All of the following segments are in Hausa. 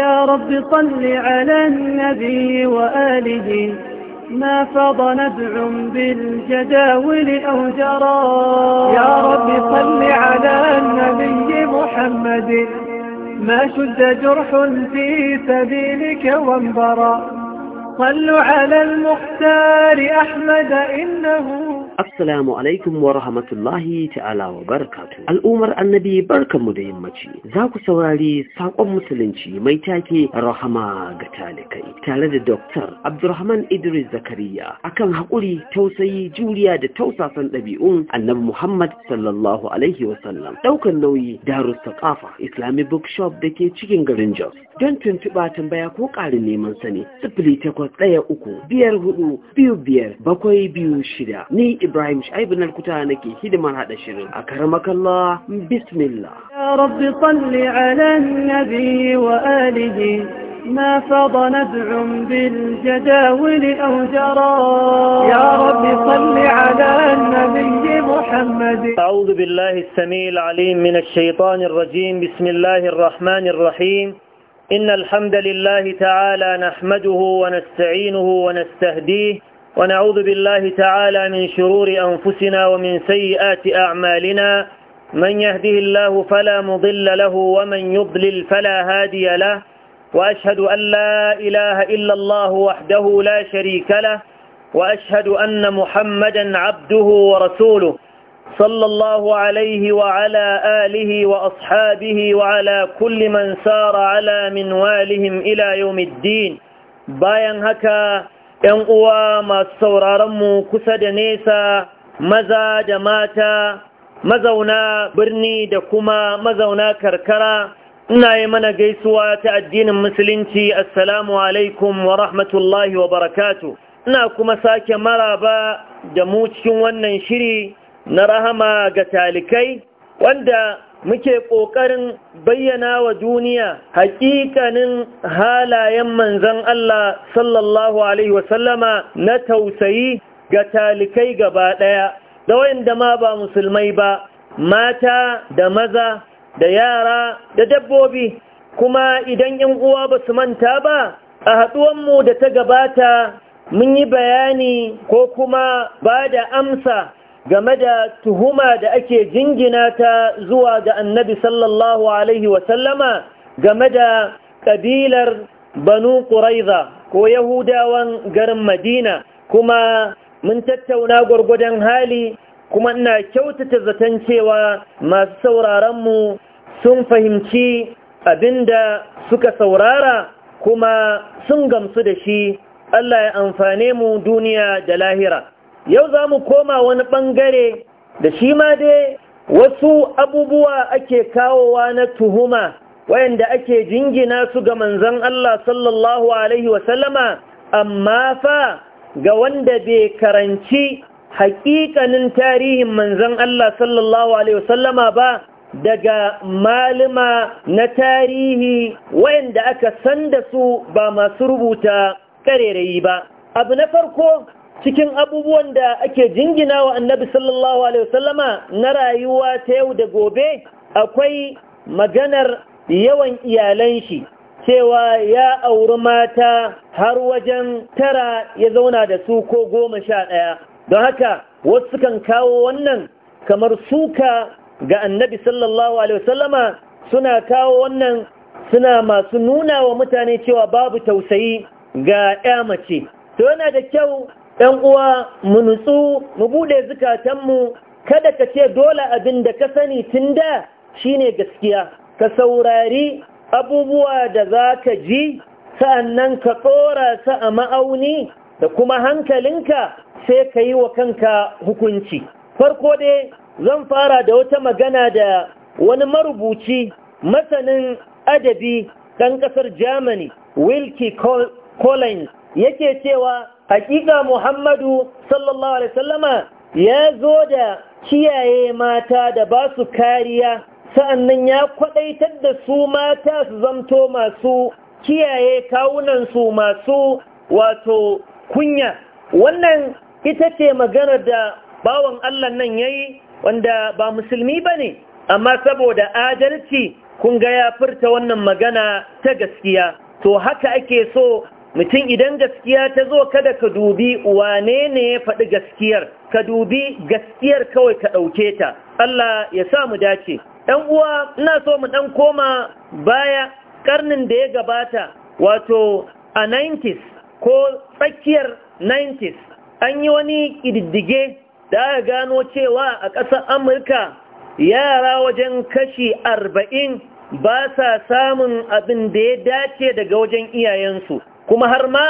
يا رب صل على النبي وآله ما فاض نبع بالجداول أو جرى يا رب صل على النبي محمد ما شد جرح في سبيلك وانبرى صلوا على المختار أحمد إنه Assalamu alaikum wa rahmatullahi ta'ala wa barakatu. Al'umar annabi barkanmu da yammaci. Za ku saurari saƙon musulunci mai take rahama ga talikai tare da Dr. Abdulrahman Idris Zakariya akan haƙuri, tausayi, juriya da tausasan ɗabi'un annabi Muhammad sallallahu alaihi wa sallam. Ɗaukar nauyi Darus Saqafa Islamic Bookshop da ke cikin garin Jos. Don tuntuɓa tambaya ko ƙarin neman sani sifili takwas ɗaya uku biyar hudu biyu biyar bakwai biyu shida. Ni إبراهيم شعيب na الكتانكي nake hidimar هذا shirin اكرمك الله بسم الله يا رب صل على النبي واله ما فض نبع بالجداول أو جرى يا رب صل على النبي محمد أعوذ بالله السميع العليم من الشيطان الرجيم بسم الله الرحمن الرحيم إن الحمد لله تعالى نحمده ونستعينه ونستهديه ونعوذ بالله تعالى من شرور أنفسنا ومن سيئات أعمالنا من يهده الله فلا مضل له ومن يضلل فلا هادي له وأشهد أن لا إله إلا الله وحده لا شريك له وأشهد أن محمدا عبده ورسوله صلى الله عليه وعلى آله وأصحابه وعلى كل من سار على منوالهم إلى يوم الدين باين هكا ‘yan uwa masu sauraronmu kusa da nesa maza da mata mazauna birni da kuma mazauna karkara ina yi mana gaisuwa ta addinin musulunci assalamu alaikum wa rahmatullahi wa barakatu ina kuma sake maraba da mu cikin wannan shiri na rahama ga talikai wanda muke ƙoƙarin bayyana wa duniya haƙiƙanin halayen manzan Allah sallallahu Alaihi wasallama na tausayi ga talikai gaba ɗaya, da wayanda ma ba musulmai ba, mata da maza da yara da dabbobi, kuma idan ‘yan uwa ba su manta ba, a haɗuwanmu da ta gabata mun yi bayani ko kuma ba da amsa game da tuhuma da ake jingina ta zuwa ga annabi sallallahu alaihi wasallama game da ƙabilar banu ƙuraiza ko yahudawan garin madina kuma mun tattauna gwargwadon hali kuma ina kyautata zaton cewa masu sauraronmu sun fahimci abinda suka saurara kuma sun gamsu da shi Allah ya amfane mu duniya da lahira yau za mu koma wani ɓangare da shi ma dai wasu abubuwa ake kawowa na tuhuma wayanda ake jingina su ga manzan Allah sallallahu Alaihi wasallama amma fa ga wanda bai karanci haƙiƙanin tarihin manzan Allah sallallahu Alaihi wasallama ba daga malama na tarihi wayanda aka san da su ba masu rubuta ƙarerayi ba. Abu na farko cikin abubuwan da ake jingina wa annabi sallallahu alaihi wasallama na rayuwa ta yau da gobe akwai maganar yawan iyalan shi cewa ya auri mata har wajen tara ya zauna da su ko goma sha ɗaya don haka wasu kan kawo wannan kamar suka ga annabi sallallahu alaihi wasallama suna kawo wannan suna masu nuna wa mutane cewa babu tausayi ga ya mace to yana da kyau ɗan uwa mu nutsu mu buɗe zukatanmu kada ka ce dole abin da ka sani tun da shi ne gaskiya ka saurari abubuwa da za ka ji sa'annan ka tsora su a ma'auni da kuma hankalinka sai ka yi wa kanka hukunci farko dai zan fara da wata magana da wani marubuci masanin adabi ɗan ƙasar germany wilkie Kolain yake cewa hakika Muhammadu sallallahu alaihi wasallama ya zo da kiyaye mata da ba su kariya sa'annan ya kwadaitar da su mata su zamto masu kiyaye kawunansu masu wato kunya wannan ita ce maganar da bawan Allah nan ya yi wanda ba musulmi ba ne amma saboda adalci kun ga ya furta wannan magana ta gaskiya to haka ake so mutum idan gaskiya ta zo kada ka dubi wane ne ya faɗi gaskiyar ka dubi gaskiyar kawai ka ɗauke ta Allah ya sa mu dace ɗan uwa ina so mu ɗan koma baya ƙarnin da ya gabata wato a 90s ko tsakiyar 90s an yi wani ƙididdige da aka gano cewa a ƙasar amurka yara wajen kashi arba'in ba sa samun abin da ya dace daga wajen iyayensu kuma har ma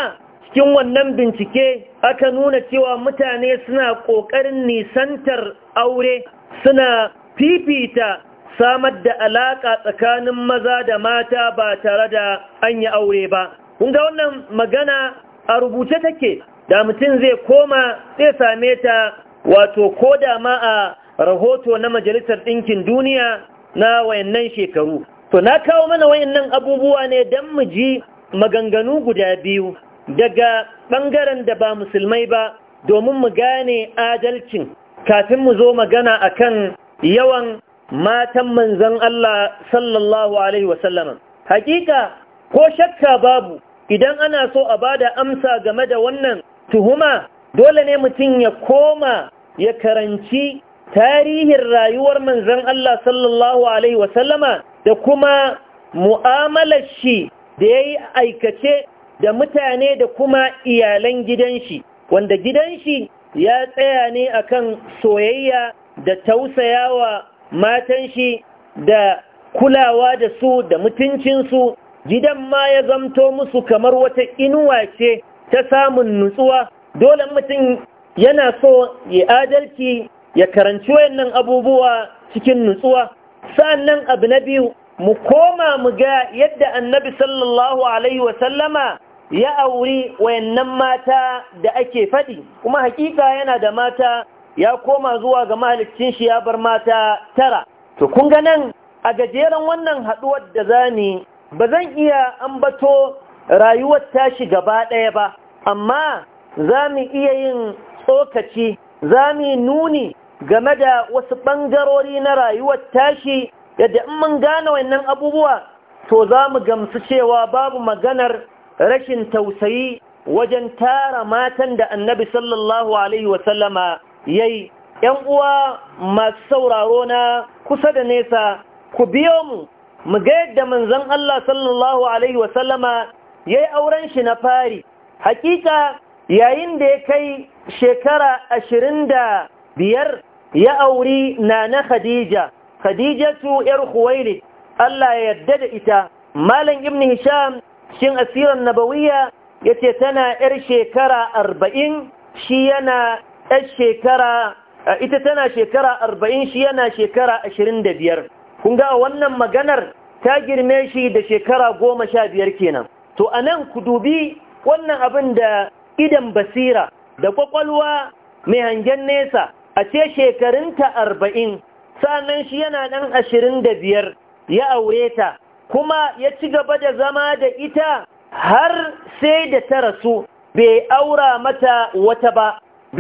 cikin wannan bincike aka nuna cewa mutane suna ƙoƙarin nisantar aure suna fifita samar da alaƙa tsakanin maza da mata ba tare da an yi aure ba. Kunga wannan magana a rubuce take da mutum zai koma zai same ta wato ko da ma a rahoto na Majalisar Ɗinkin Duniya na wayannan shekaru. To na kawo mana wayannan abubuwa ne don mu ji maganganu guda biyu daga bangaren da ba musulmai ba domin mu gane adalcin kafin mu zo magana a kan yawan matan manzan Allah sallallahu Alaihi wasallam. Hakika ko shakka babu idan ana so a bada amsa game da wannan tuhuma dole ne mutum ya koma ya karanci tarihin rayuwar manzan Allah sallallahu Alaihi wasallama da kuma mu'amalar shi da ya yi aikace da mutane da kuma iyalan gidan shi wanda gidan shi ya tsaya ne akan soyayya da tausayawa matan shi da kulawa da su da mutuncinsu gidan ma ya zamto musu kamar wata inuwa ce ta samun nutsuwa dole mutum yana so ya adalci ya karanci wayannan abubuwa cikin nutsuwa sa'annan abu na biyu mu koma mu ga yadda annabi sallallahu alaihi wasallama ya auri wayannan mata da ake faɗi kuma hakika yana da mata ya koma zuwa ga mahalicin shi ya bar mata tara to kun ga nan a gajeren wannan haɗuwar da zani ba zan iya ambato rayuwar tashi gaba ɗaya ba amma za mu iya yin tsokaci za mu nuni game da wasu ɓangarori na rayuwar tashi yadda in mun gane wannan abubuwa to za mu gamsu cewa babu maganar rashin tausayi wajen tara matan da annabi sallallahu alaihi wasallama ya yi ‘yan uwa masu sauraro na kusa da nesa ku biyo mu mu ga yadda manzon Allah sallallahu alaihi wasallama ya yi auren shi na fari hakika yayin da ya kai shekara ashirin da biyar ya auri na na Khadija khadijatu yar Huwaili Allah ya yarda da ita malam ibn hisham shin asiran nabawiyya yace tana yar shekara arba'in shi yana yar shekara eh, ita tana shekara arba'in shi yana shekara ashirin da biyar kun ga wannan maganar ta girme shi da shekara goma sha biyar kenan to a nan ku dubi wannan abin da idan basira da kwakwalwa mai hangen nesa a ce shekarunta arba'in sannan shi yana ɗan ashirin da biyar ya aure ta kuma ya ci gaba da zama da ita har sai da ta rasu bai aura mata wata ba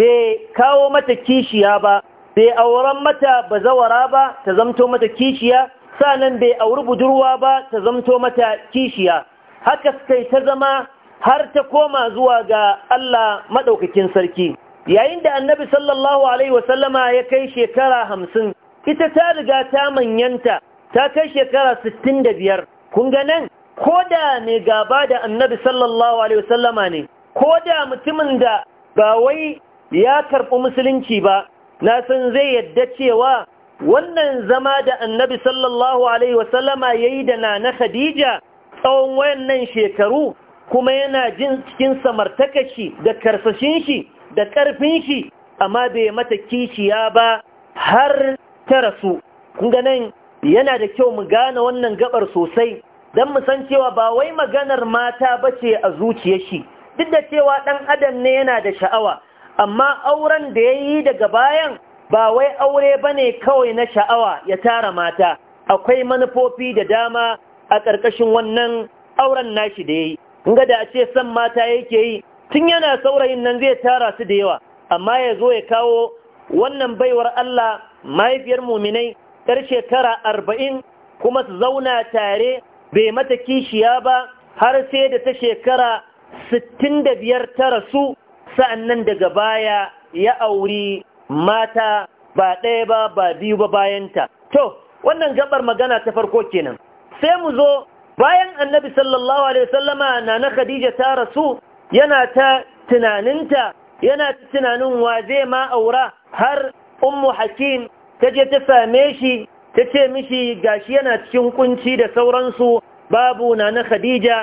bai kawo mata kishiya ba bai auren mata bazawara ba ta zamto mata kishiya sannan bai auri budurwa ba ta zamto mata kishiya haka sai ta zama har ta koma zuwa ga Allah maɗaukakin sarki yayin da annabi sallallahu alaihi wasallama ya kai shekara hamsin ita ta riga ta manyanta ta kai shekara sittin da biyar. kun ga nan ko da mai gaba da annabi sallallahu alaihi wasallama ne ko da mutumin da ba wai ya karɓi musulunci ba na san zai yadda cewa wannan zama da annabi sallallahu alaihi wasallama ya yi da na na khadija tsawon wayannan shekaru kuma yana jin cikin samartakashi da karsashin shi da ƙarfin shi amma bai mata kishiya ba har ta rasu kunga nan yana da kyau mu gane wannan gabar sosai don mu san cewa ba wai maganar mata ba ce a zuciyar shi duk da cewa ɗan adam ne yana da sha'awa amma auren da ya yi daga bayan ba wai aure ba ne kawai na sha'awa ya tara mata akwai manufofi da dama a ƙarƙashin wannan auren nashi da ya yi ga da a ce son mata yake yi tun yana saurayin nan zai tara su da yawa amma ya zo ya kawo wannan baiwar Allah mahaifiyar muminai yar shekara arba'in kuma su zauna tare bai mata kishiya ba har sai da ta shekara sittin da biyar ta rasu sa'annan daga baya ya auri mata ba ɗaya ba ba biyu ba bayanta to wannan gabar magana ta farko kenan sai mu zo bayan annabi sallallahu alaihi wasallama na na khadija ta rasu yana ta tunaninta yana ta tunanin wa zai ma aura har ummu hakim ta je ta same shi ta ce mishi gashi yana cikin kunci da sauransu babu na na khadija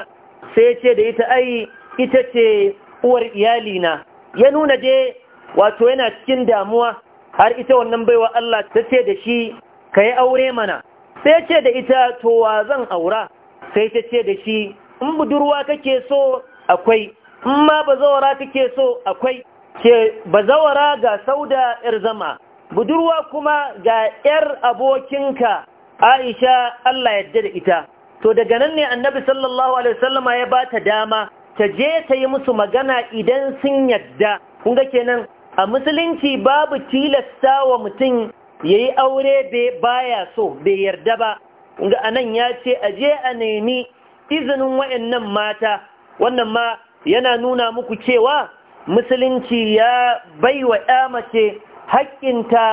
sai ce da ita ai ita ce uwar iyalina ya nuna je wato yana cikin damuwa har ita wannan baiwa Allah ta ce da shi ka yi aure mana sai ce da ita to wa zan aura sai ta ce da shi in budurwa kake so akwai in ma bazawara kake so akwai ke bazawara ga sauda yar zama budurwa kuma ga ‘yar abokinka Aisha Allah yadda da ita, to daga nan ne annabi sallallahu Alaihi wasallama ya ba ta dama ta je ta yi musu magana idan sun yadda, ga kenan a musulunci babu tilasta wa mutum ya yi aure bai baya so bai yarda ba, ga anan ya ce a je a nemi izinin wa'yannan mata, wannan ma yana nuna muku cewa musulunci ya bai wa ‘ya mace haƙƙinta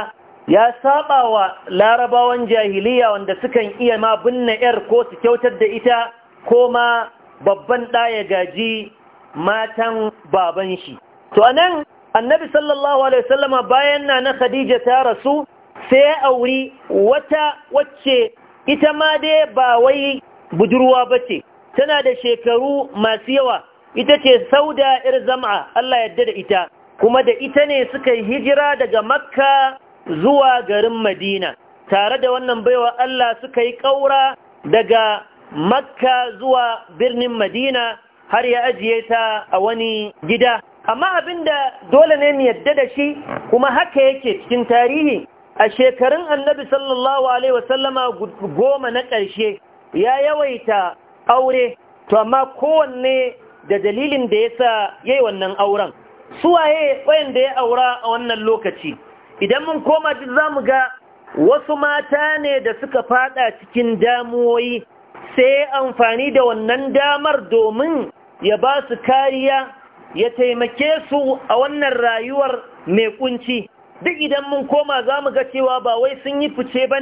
ya saba wa larabawan jahiliya wanda sukan iya ma binne ‘yar ko su kyautar da ita ko ma babban ɗaya gaji matan baban shi. To, anan annabi sallallahu Alaihi wasallama bayan na na Khadija ta rasu sai auri wata wacce ita ma dai ba wai budurwa bace tana da shekaru masu yawa, ita ce sauda ir zama Allah yadda da ita. kuma da ita ne suka yi hijira daga makka zuwa garin madina tare da wannan baiwa Allah suka yi ƙaura daga makka zuwa birnin madina har ya ajiye ta a wani gida amma abinda dole ne mu yadda da shi kuma haka yake cikin tarihi a shekarun annabi sallallahu alaihi wasallama goma na ƙarshe ya yawaita aure to amma kowanne da dalilin da yasa yayi wannan auren suwaye wayanda ya aura a wannan lokaci idan mun koma duk zamu ga wasu mata ne da suka fada cikin damuwoyi sai amfani da wannan damar domin ya ba su kariya ya taimake su a wannan rayuwar mai kunci duk idan mun koma zamu ga cewa ba wai sun yi fice ba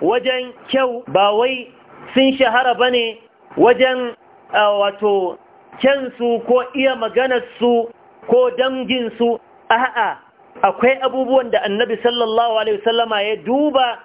wajen kyau ba wai sun shahara bane ne wajen wato kyansu ko iya maganar su ko danginsu a'a akwai abubuwan da annabi sallallahu alaihi wasallama ya duba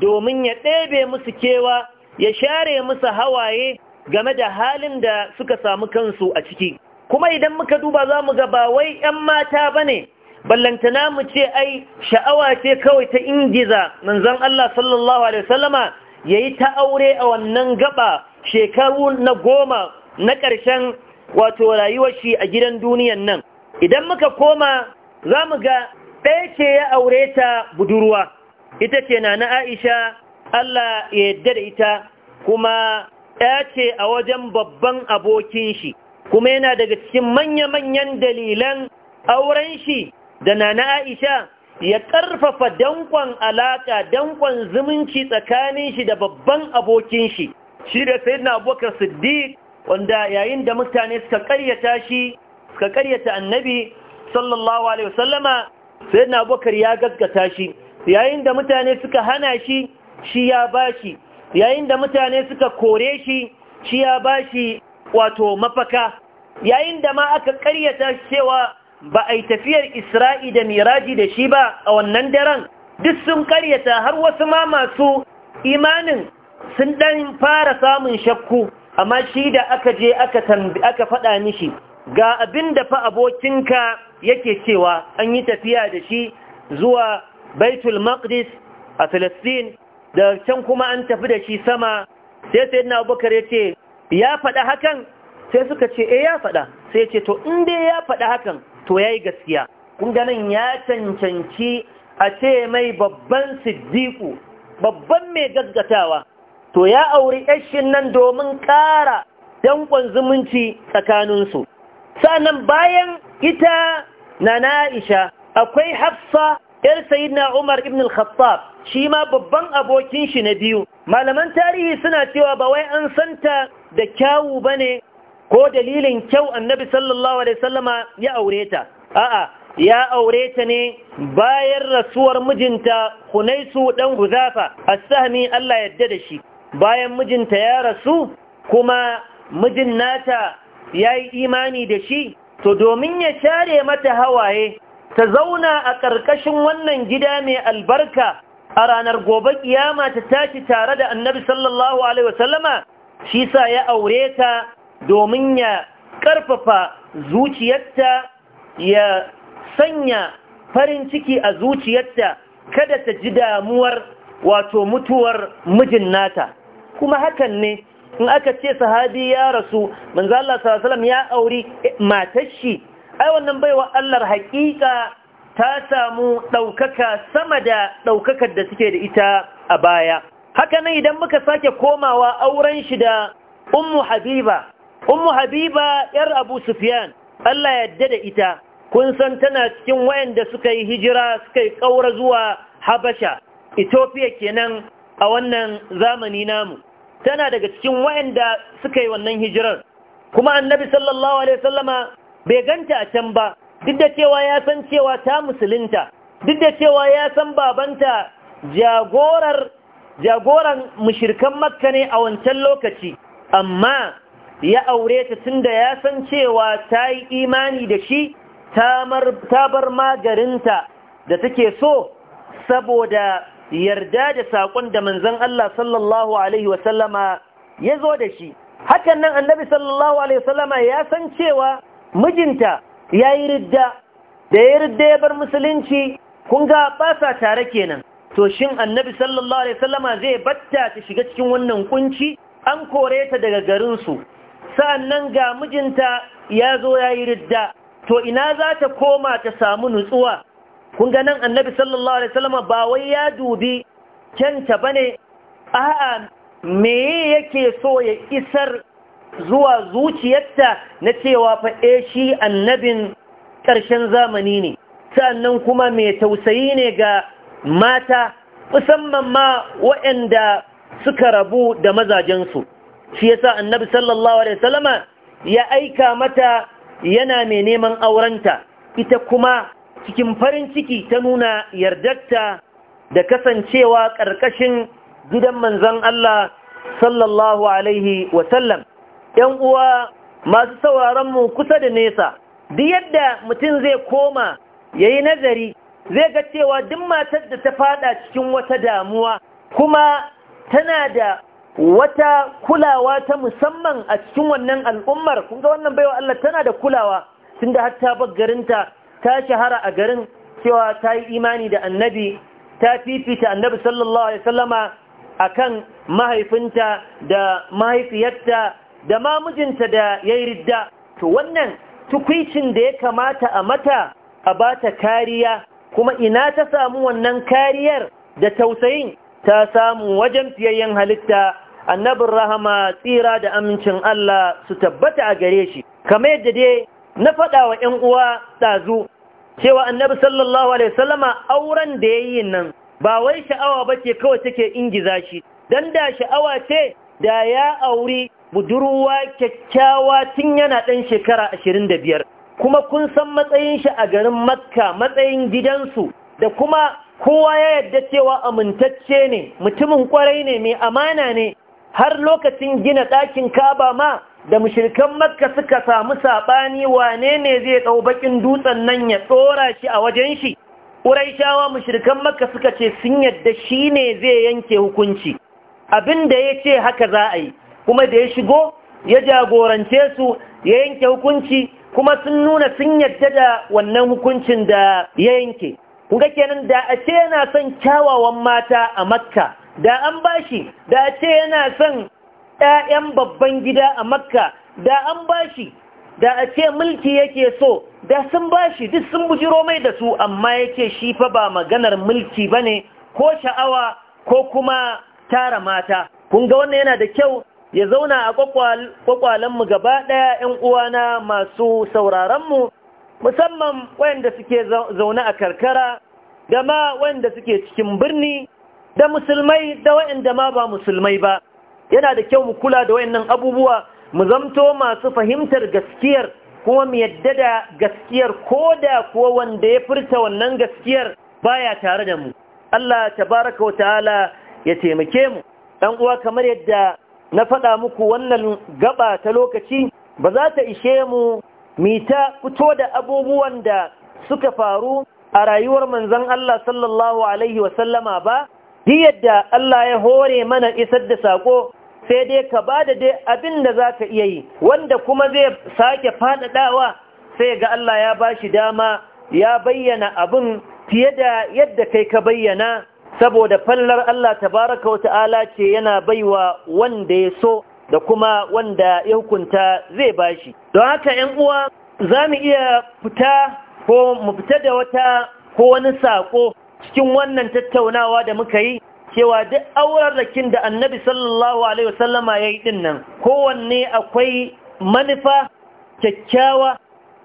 domin ya ɗebe musu kewa ya share musu hawaye game da halin da suka samu kansu a ciki kuma idan muka duba za mu ga ba wai 'yan mata ba ne ballantana mu ce ai sha'awa ce kawai ta ingiza manzon Allah sallallahu alaihi wasallama yayi ta aure a wannan gaba shekaru na goma na ƙarshen wato rayuwar shi a gidan duniyan nan idan muka koma za mu ga ɗaya ce ya aure ta budurwa ita ce na na aisha Allah ya yadda da ita kuma ɗaya ce a wajen babban abokin shi kuma yana daga cikin manya-manyan dalilan auren shi da na na aisha ya ƙarfafa danƙon alaƙa danƙon zumunci tsakanin shi da babban abokin shi shi da na abokan siddiq wanda yayin da mutane suka ƙaryata shi suka karyata annabi sallallahu alaihi wasallama sai na ya gaggata shi yayin da mutane suka hana shi shi ya bashi yayin da mutane suka kore shi shi ya bashi wato mafaka yayin da ma aka karyata cewa ba a yi tafiyar isra'i da miraji da shi ba a wannan daren duk sun karyata har wasu ma masu imanin sun ɗan fara samun shakku amma shi da aka je aka faɗa mishi ga abin da fa abokinka yake cewa an yi tafiya da shi zuwa baitul maqdis a filistin da can kuma an tafi da shi sama sai sai na abubakar ya ce ya faɗa hakan sai suka ce eh ya faɗa sai ya ce to in dai ya faɗa hakan to ya yi gaskiya kun ganin ya cancanci a ce mai babban siddiku babban mai gaggatawa to ya auri yashin nan domin ƙara danƙon zumunci tsakaninsu sa'annan bayan ita na na'isha akwai hafsa yar sayyidina Umar ibn al-Khattab shi ma babban abokin shi na biyu malaman tarihi suna cewa ba wai an santa da kyawu ba ne. ko dalilin kyau annabi sallallahu alaihi wasallama ya aure ta a'a ya aure ta ne bayan rasuwar mijinta Hunaisu dan Huzafa as Allah yadda da shi bayan mijinta ya rasu kuma mijin nata ya yi imani da shi to domin ya share mata hawaye ta zauna a ƙarƙashin wannan gida mai albarka a ranar gobe ƙiyama ta tashi tare da annabi sallallahu alaihi wasallama shi sa ya aure ta domin ya ƙarfafa zuciyarta ya sanya farin ciki a zuciyarta kada ta ji damuwar wato mutuwar mijin nata kuma hakan ne in aka ce sahabi ya rasu manzo Allah sallallahu alaihi ya auri matar shi ai wannan baiwa Allah haƙiƙa ta samu ɗaukaka sama da ɗaukakar da suke da ita a baya haka nan idan muka sake komawa auren shi da ummu habiba ummu habiba yar abu sufyan Allah ya yarda da ita kun san tana cikin wayanda suka yi hijira suka yi ƙaura zuwa habasha ethiopia kenan a wannan zamani namu tana daga cikin wayanda suka yi wannan hijirar kuma annabi sallallahu alaihi wasallama bai ganta a can ba duk da cewa ya san cewa ta musulunta duk da cewa ya san babanta jagorar jagoran mushirkan makka ne a wancan lokaci amma ya aure ta tunda ya san cewa ta yi imani da shi ta bar magarinta da take so saboda yarda da saƙon da manzan Allah sallallahu Alaihi wasallama ya zo da shi. Hakan nan annabi sallallahu Alaihi wasallama ya san cewa mijinta ya yi ridda, da ya ridda ya bar musulunci kun ga ba sa tare kenan. To shin annabi sallallahu Alaihi wasallama zai batta ta shiga cikin wannan kunci an kore ta daga garinsu. Sa'an ga mijinta ya zo ya yi ridda, to ina za ta koma ta samu nutsuwa. kun ga nan annabi sallallahu alaihi wasallam ba wai ya dubi kyanta bane a'a me yake so ya isar zuwa zuciyarta na cewa fa eh shi annabin ƙarshen zamani ne sannan kuma mai tausayi ne ga mata musamman ma waɗanda suka rabu da mazajensu shi yasa annabi sallallahu alaihi wasallama ya aika mata yana mai neman aurenta ita kuma cikin farin ciki ta nuna yardarta da kasancewa ƙarƙashin gidan manzan Allah sallallahu Alaihi wasallam. ‘Yan uwa masu sauraron mu kusa da nesa, duk yadda mutum zai koma ya yi nazari zai ga cewa duk matar da ta fada cikin wata damuwa kuma tana da wata kulawa ta musamman a cikin wannan al'ummar kunga wannan baiwa Allah tana da kulawa sun da hatta garinta ta shahara a garin cewa ta yi imani da annabi ta fifita annabi sallallahu alaihi sallama a kan mahaifinta da mahaifiyarta da mamujinta da ya yi ridda to wannan tukwicin da ya kamata a mata a ba ta kariya kuma ina ta samu wannan kariyar da tausayin ta samu wajen fiyayyen halitta annabin rahama tsira da amincin Allah su tabbata a gare shi kamar yadda dai na faɗa wa ‘yan uwa ɗazu cewa annabi sallallahu alaihi wasallama auren da yayi nan ba wai sha'awa bace kawai take ingiza shi dan da sha'awa ce da ya auri budurwa kyakkyawa tun yana dan shekara 25 kuma kun san matsayin shi a garin Makka matsayin gidansu da kuma kowa ya yadda cewa amintacce ne mutumin kwarai ne mai amana ne har lokacin gina ɗakin Kaba ma da mushrikan makka suka samu saɓani wane ne zai ɗau bakin dutsen nan ya tsora shi a wajen shi shawa mushirkan makka suka ce sun yadda shi ne zai yanke hukunci abin da ya ce haka za a yi kuma da ya shigo ya jagorance su ya yanke hukunci kuma sun nuna sun yadda da wannan hukuncin da ya yanke kunga kenan da a ce yana son kyawawan mata a makka da an bashi da a ce yana son ‘ya'yan babban gida a makka da an bashi da a ce mulki yake so da sun bashi duk sun bujiro mai da su amma yake shi fa ba maganar mulki ba ne ko sha'awa ko kuma tara mata kun ga wannan yana da kyau ya zauna a kwakwalenmu gaba ɗaya ‘yan uwana masu sauraronmu musamman wayanda suke zaune a karkara da ma wayanda suke cikin birni da musulmai da wayanda ma ba musulmai ba yana da kyau mu kula da wayannan abubuwa mu zamto masu fahimtar gaskiyar kuma mu yadda da gaskiyar ko da kuwa wanda ya furta wannan gaskiyar baya tare da mu Allah tabaraka wa ta'ala ya taimake mu ɗan uwa kamar yadda na faɗa muku wannan gaba ta lokaci ba za ta ishe mu mita fito da abubuwan da suka faru a rayuwar manzon Allah sallallahu alaihi wa sallama ba yadda Allah ya hore mana isar da sako sai dai ka ba da dai abin da za ka iya yi wanda kuma zai sake faɗaɗawa sai ga Allah ya ba shi dama ya bayyana abin fiye da yadda kai ka bayyana saboda fallar Allah tabaraka wa ta'ala ce yana baiwa wanda ya so da kuma wanda ya hukunta zai ba shi don haka ‘yan uwa za mu iya fita ko mu fita da wata ko wani saƙo cikin wannan tattaunawa da muka yi cewa duk aurarrakin da annabi sallallahu alaihi wasallama ya yi dinnan kowanne akwai manufa kyakkyawa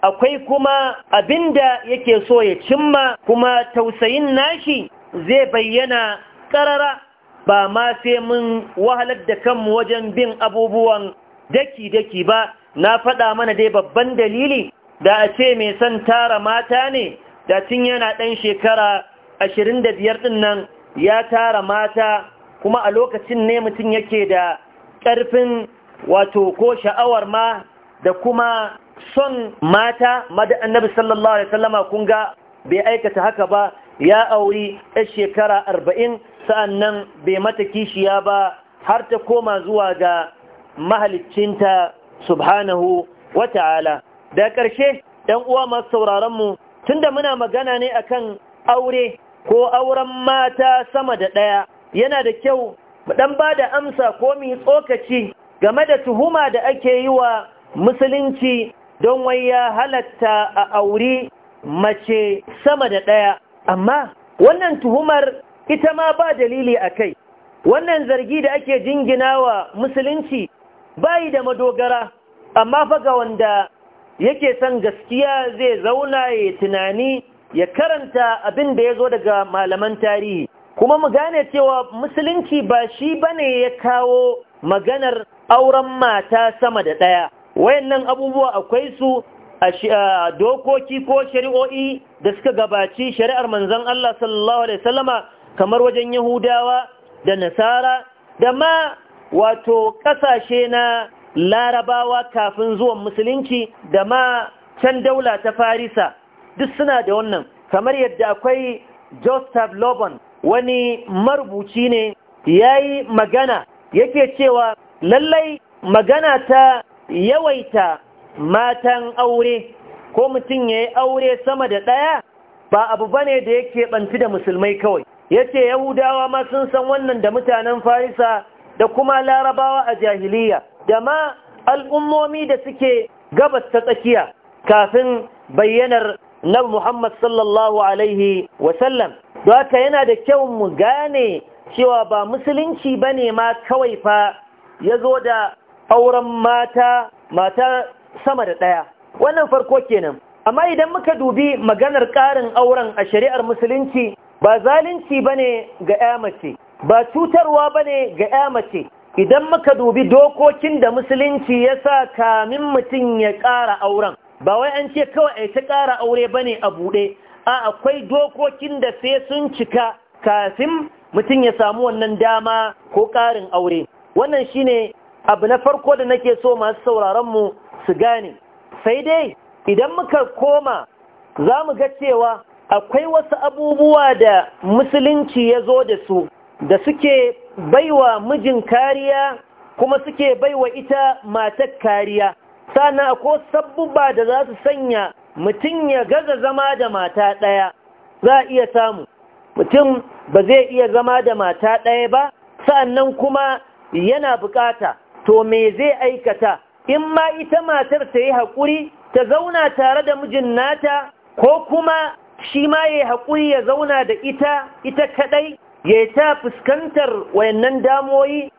akwai kuma abinda yake so ya cimma kuma tausayin nashi zai bayyana karara ba ma sai mun wahalar da kanmu wajen bin abubuwan daki-daki ba na faɗa mana dai babban dalili da a ce mai son tara mata ne da tun yana ɗan shekara ashirin da biyar ɗin nan ya tara mata kuma a lokacin ne mutum yake da ƙarfin wato ko sha'awar ma da kuma son mata mada annabi sallallahu alaihi wasallama kun ga bai aikata haka ba ya auri a shekara arba'in sa'annan bai mata kishiya ba har ta koma zuwa ga mahaliccinta subhanahu wa ta'ala da ƙarshe ɗan uwa masu sauraronmu tunda muna magana ne akan aure ko auren mata sama da ɗaya yana da kyau mu ɗan ba da amsa ko mu tsokaci game da tuhuma da ake yi wa musulunci don wai ya halatta a auri mace sama da ɗaya amma wannan tuhumar ita ma ba dalili a kai wannan zargi da ake jingina wa musulunci bayi da madogara amma faga wanda yake son gaskiya zai zauna ya tunani ya karanta abin da ya zo daga malaman tarihi kuma mu gane cewa musulunci ba shi bane ya kawo maganar auren mata sama da ɗaya wayannan abubuwa akwai su a dokoki ko shari'o'i da suka gabaci shari'ar manzon Allah sallallahu alaihi wasallama kamar wajen Yahudawa da Nasara da ma wato ƙasashe na larabawa kafin zuwan musulunci da ma can daula ta farisa duk suna da wannan kamar yadda akwai joseph lobon wani marubuci ne ya yi magana yake cewa lallai magana ta yawaita matan aure ko mutum ya yi aure sama da ɗaya ba abu ba ne da yake ɓanci da musulmai kawai ya yahudawa ma sun san wannan da mutanen farisa da kuma larabawa a jahiliya da ma al'ummomi da suke gabas ta tsakiya kafin bayyanar na Muhammad sallallahu Alaihi wasallam. Don yana da kyau mu gane cewa ba musulunci ba ne ma kawai fa ya zo da auren mata mata sama da ɗaya. Wannan farko kenan. Amma idan muka dubi maganar ƙarin auren a shari'ar musulunci ba zalunci ba ne ga ‘ya mace, ba cutarwa ba ne ga ‘ya mace. Idan muka dubi dokokin da musulunci ya sa kamin mutum ya ƙara auren. ba wai an ce kawai a ta ƙara aure ba ne a buɗe a akwai dokokin da sai sun cika kafin mutum ya samu wannan dama ko ƙarin aure wannan shine abu na farko da nake so masu sauraronmu su gane sai dai idan muka koma za mu ga cewa akwai wasu abubuwa da musulunci ya zo da su da suke baiwa mijin kariya kuma suke baiwa ita matar kariya sannan ko sabbuba da za su sanya mutum ya gaza zama da mata ɗaya za a iya samu mutum ba zai iya zama da mata ɗaya ba sannan kuma yana bukata to me zai aikata in ma ita matar ta yi haƙuri ta zauna tare da mijin nata ko kuma shi ma ya yi haƙuri ya zauna da ita ita kaɗai ya ta fuskantar wayannan damoyi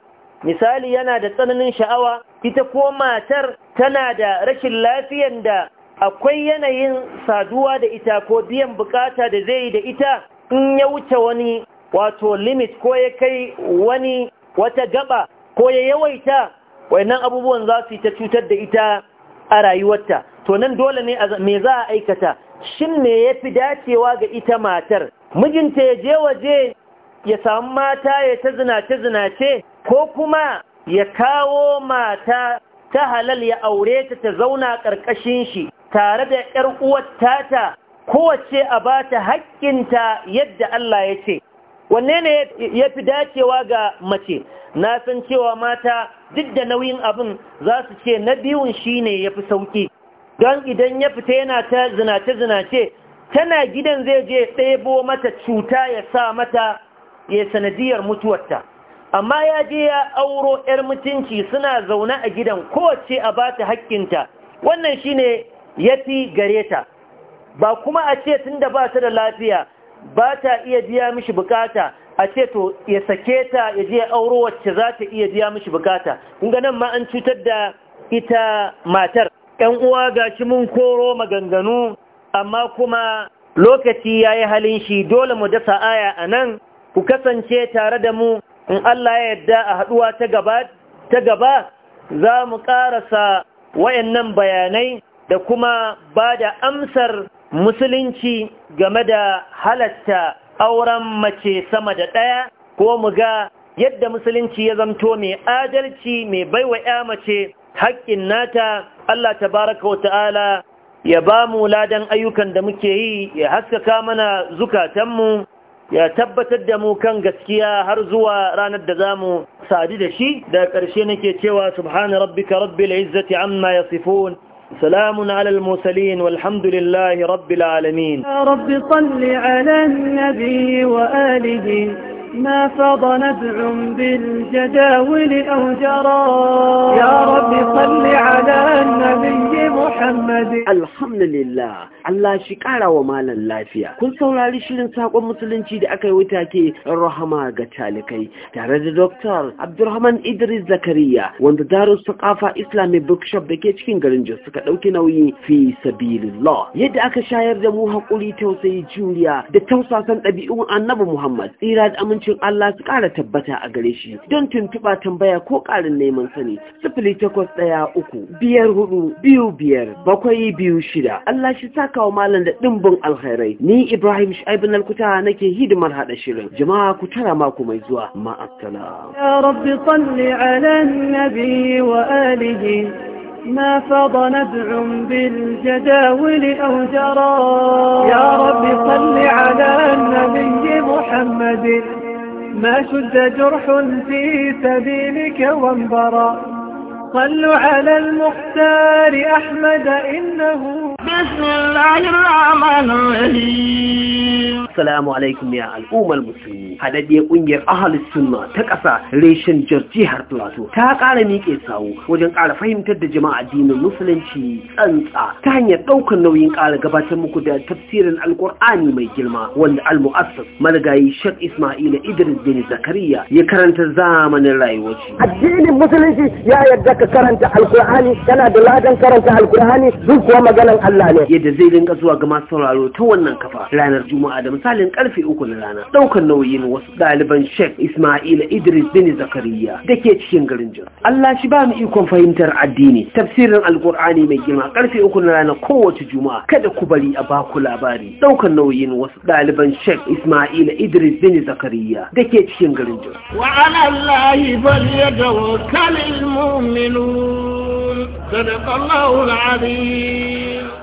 misali yana da tsananin sha'awa ita ko matar tana da rashin lafiyan da akwai yanayin saduwa da ita ko biyan bukata da zai yi da ita in ya wuce wani wato limit ko ya kai wani wata gaba ko ya yawaita wainan abubuwan za su yi ta cutar da ita a rayuwarta to nan dole ne me za a aikata shin me ya fi dacewa ga ita matar mijinta ya je waje ya samu mata ya ta zinace zinace ko kuma ya kawo mata ta halal ya aure ta ta zauna ƙarƙashin shi tare da ‘yar uwar tata kowace a ba ta haƙƙinta yadda Allah ya ce. Wanne ne ya fi dacewa ga mace, na san cewa mata duk da nauyin abin za su ce na biyun shi ne ya fi sauƙi. Don idan ya fita yana ta zinace-zinace, tana gidan zai je ɗebo mata cuta ya sa mata ya sanadiyar mutuwarta. amma ya je ya auro 'yar mutunci suna zaune a gidan kowace a ba ta haƙƙinta wannan ne ya fi gare ta ba kuma a ce tun da ba ta da lafiya ba ta iya biya mishi bukata a ce to ya sake ta ya je auro wacce za ta iya biya mishi bukata ga nan ma an cutar da ita matar ‘yan uwa ga shi mun koro maganganu amma kuma lokaci ya yi halin shi dole mu dasa aya a nan ku kasance tare da mu in Allah ya yadda a haɗuwa ta gaba za mu ƙarasa wayannan bayanai da kuma ba da amsar musulunci game da halatta auren mace sama da ɗaya ko mu ga yadda musulunci ya zamto mai adalci mai baiwa ya mace haƙƙin nata Allah tabaraka wa ta'ala ya ba mu ladan ayyukan da muke yi ya haskaka mana zukatanmu ya tabbatar da mu kan gaskiya har zuwa ranar da zamu sadu da shi da ƙarshe nake cewa subhana rabbika rabbil izzati amma yasifun سلام على المرسلين والحمد لله رب العالمين يا رب صل على النبي وآله ما فض نبع بالجداول أو جرى يا رب صل على النبي محمد الحمد لله Allah shi ƙara wa malam lafiya. Kun saurari shirin saƙon musulunci da aka yi wuta ke rahama ga talikai tare da Dr. Abdulrahman Idris Zakariya wanda Darus Saqafa Islamic Bookshop da ke cikin garin Jos suka ɗauki nauyi fi sabilillah. Yadda aka shayar da mu haƙuri tausayi juriya da tausasan ɗabi'un Annabi Muhammad tsira da hukuncin Allah su ƙara tabbata a gare shi don tuntuɓa tambaya ko ƙarin neman sani sifili takwas ɗaya uku biyar hudu biyu biyar bakwai biyu shida Allah shi sa kawo malam da ɗimbin alkhairai ni Ibrahim Shu'aibu Nalkuta nake hidimar haɗa shirin jama'a ku tara mako mai zuwa Ma'aikata. Ya Rabbi salli ala nabi wa alihi ما فض نبع بالجداول أو جرى يا رب صل على النبي محمد ما شد جرح في سبيلك وانبرى صلوا على المختار أحمد إنه بسم alaikum ya al'ummar musulmi عليكم يا الأمة ƙungiyar ahalus sunna ta ƙasa reshen jihar plateau ta ƙara miƙe sawu wajen ƙara fahimtar da jama'a addinin musulunci tsantsa ta hanyar ɗaukar nauyin ƙara gabatar muku da tafsirin alƙur'ani mai girma wanda al-mu'assas marigayi shek ismaila idris bin zakariya ya karanta zamanin rayuwar shi addinin musulunci ya yarda ka karanta alƙur'ani kana da ladan karanta alƙur'ani duk kuwa maganan allah Allah ne yadda zai dinga zuwa ga masu sauraro ta wannan kafa ranar Juma'a da misalin karfe uku na rana ɗaukar nauyin wasu ɗaliban Sheikh Ismail Idris bin Zakariya da ke cikin garin Jos. Allah shi ba mu ikon fahimtar addini tafsirin Alƙur'ani mai girma karfe uku na rana kowace Juma'a kada ku bari a baku labari ɗaukar nauyin wasu ɗaliban Sheikh Ismail Idris bin Zakariya da ke cikin garin Jos. Wa alallahi falyatawakkalul mu'minun صدق الله العظيم